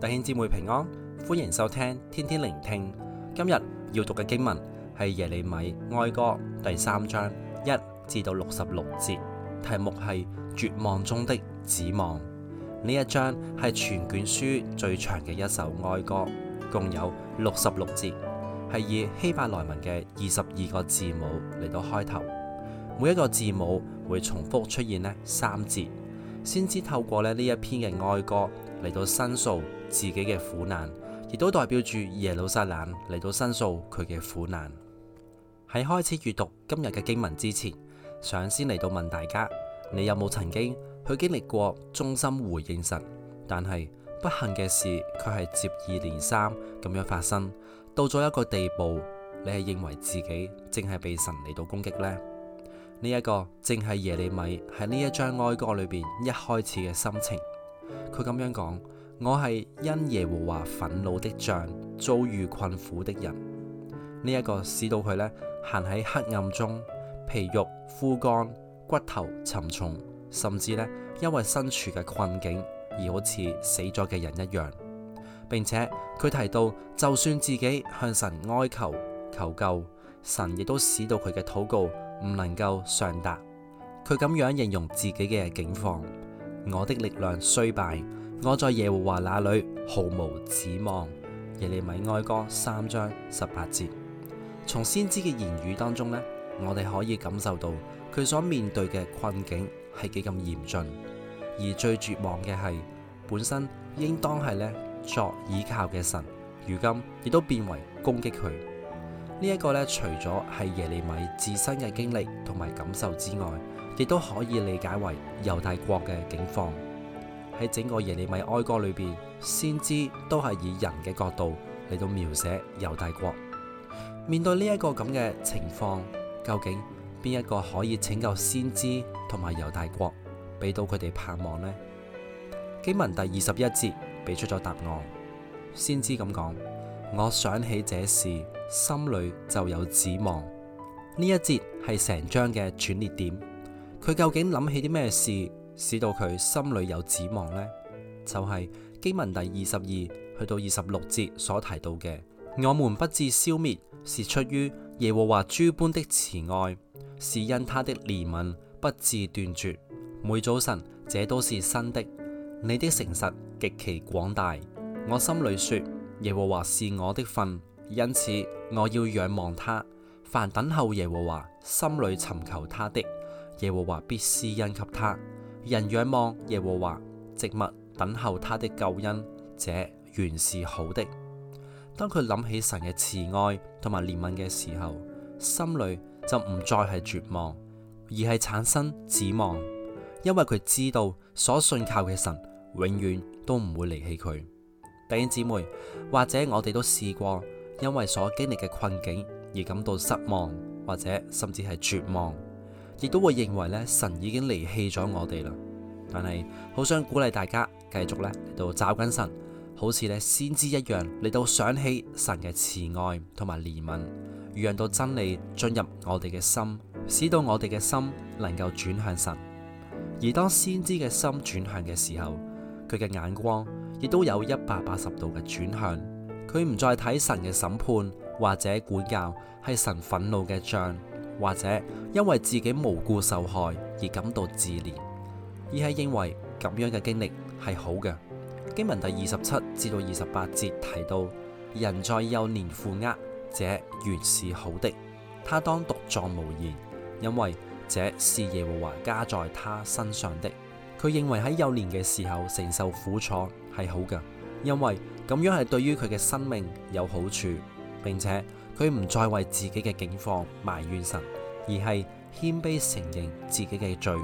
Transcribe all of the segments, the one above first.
弟兄姊妹平安，歡迎收聽天天靈聽。今日要讀嘅經文係耶利米哀歌第三章一至到六十六節，題目係絕望中的指望。呢一章係全卷書最長嘅一首哀歌，共有六十六節，係以希伯來文嘅二十二個字母嚟到開頭，每一個字母會重複出現呢三節，先知透過咧呢一篇嘅哀歌。嚟到申訴自己嘅苦難，亦都代表住耶路撒冷嚟到申訴佢嘅苦難。喺開始閱讀今日嘅經文之前，想先嚟到問大家：你有冇曾經去經歷過忠心回應神，但係不幸嘅事佢係接二連三咁樣發生，到咗一個地步，你係認為自己正係被神嚟到攻擊呢？呢一個正係耶利米喺呢一張哀歌裏邊一開始嘅心情。佢咁樣講：「我係因耶和華忿怒的杖，遭遇困苦的人。」呢、這、一個使到佢咧行喺黑暗中，皮肉枯乾，骨頭沉重，甚至咧因為身處嘅困境而好似死咗嘅人一樣，並且佢提到，就算自己向神哀號求救，神亦都使到佢嘅禱告唔能夠上達。佢咁樣形容自己嘅境況。我的力量衰敗，我在耶和華那裏毫無指望。耶利米哀歌三章十八節，從先知嘅言語當中呢，我哋可以感受到佢所面對嘅困境係幾咁嚴峻，而最絕望嘅係本身應當係呢作倚靠嘅神，如今亦都變為攻擊佢。呢一個呢，除咗係耶利米自身嘅經歷同埋感受之外。亦都可以理解為猶大國嘅境況喺整個耶利米哀歌裏邊，先知都係以人嘅角度嚟到描寫猶大國。面對呢一個咁嘅情況，究竟邊一個可以拯救先知同埋猶大國，俾到佢哋盼望呢？經文第二十一節俾出咗答案，先知咁講：我想起這事，心裏就有指望。呢一節係成章嘅轉捩點。佢究竟諗起啲咩事，使到佢心裏有指望呢？就係、是、經文第二十二去到二十六節所提到嘅：我們不至消滅，是出於耶和華諸般的慈愛，是因他的憐憫不至斷絕。每早晨，這都是新的。你的誠實極其廣大，我心裏說：耶和華是我的分，因此我要仰望他。凡等候耶和華，心裏尋求他的。耶和華必施恩給他，人仰望耶和華，靜默等候他的救恩，這原是好的。當佢諗起神嘅慈愛同埋憐憫嘅時候，心裏就唔再係絕望，而係產生指望，因為佢知道所信靠嘅神永遠都唔會離棄佢。弟兄姊妹，或者我哋都試過因為所經歷嘅困境而感到失望，或者甚至係絕望。亦都會認為咧，神已經離棄咗我哋啦。但係好想鼓勵大家繼續咧，嚟到找緊神，好似咧先知一樣，嚟到想起神嘅慈愛同埋憐憫，讓到真理進入我哋嘅心，使到我哋嘅心能夠轉向神。而當先知嘅心轉向嘅時候，佢嘅眼光亦都有一百八十度嘅轉向，佢唔再睇神嘅審判或者管教係神憤怒嘅杖。或者因為自己無故受害而感到自憐，而係認為咁樣嘅經歷係好嘅。經文第二十七至到二十八節提到，人在幼年負軛，這原是好的。他當獨坐無言，因為這是耶和華加在他身上的。佢認為喺幼年嘅時候承受苦楚係好嘅，因為咁樣係對於佢嘅生命有好處，並且，佢唔再為自己嘅境況埋怨神，而係謙卑承認自己嘅罪，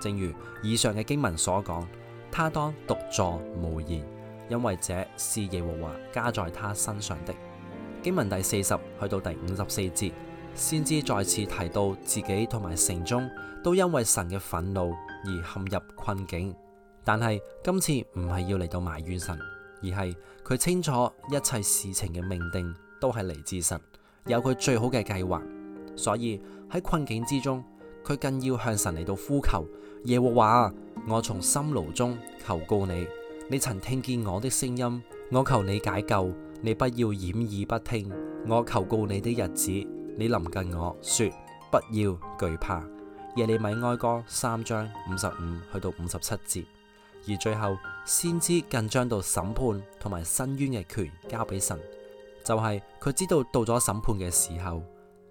正如以上嘅經文所講，他當獨坐無言，因為這是耶和華加在他身上的。經文第四十去到第五十四節，先知再次提到自己同埋城中都因為神嘅憤怒而陷入困境，但係今次唔係要嚟到埋怨神，而係佢清楚一切事情嘅命定都係嚟自神。有佢最好嘅計劃，所以喺困境之中，佢更要向神嚟到呼求。耶和華啊，我從深牢中求告你，你曾聽見我的聲音，我求你解救，你不要掩耳不聽。我求告你的日子，你臨近我說，不要懼怕。耶利米哀歌三章五十五去到五十七節，而最後先知更將到審判同埋申冤嘅權交俾神。就係佢知道到咗審判嘅時候，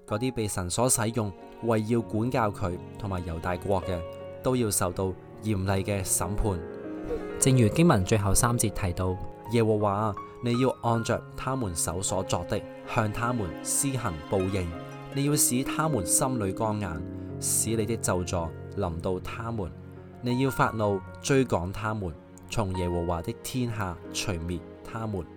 嗰啲被神所使用為要管教佢同埋猶大國嘅，都要受到嚴厲嘅審判。正如經文最後三節提到，耶和華啊，你要按着他們手所作的，向他們施行報應；你要使他們心裏剛硬，使你的咒詛臨到他們；你要發怒追趕他們，從耶和華的天下除滅他們。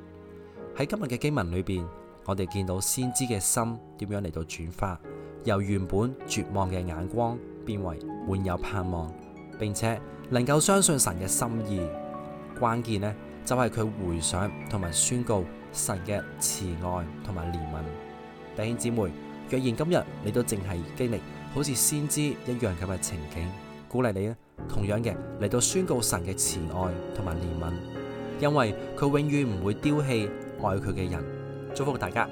喺今日嘅經文裏邊，我哋見到先知嘅心點樣嚟到轉化，由原本絕望嘅眼光變為滿有盼望，並且能夠相信神嘅心意。關鍵呢，就係佢回想同埋宣告神嘅慈愛同埋憐憫。弟兄姊妹，若然今日你都淨係經歷好似先知一樣咁嘅情景，鼓勵你啊，同樣嘅嚟到宣告神嘅慈愛同埋憐憫，因為佢永遠唔會丟棄。愛佢嘅人，祝福大家。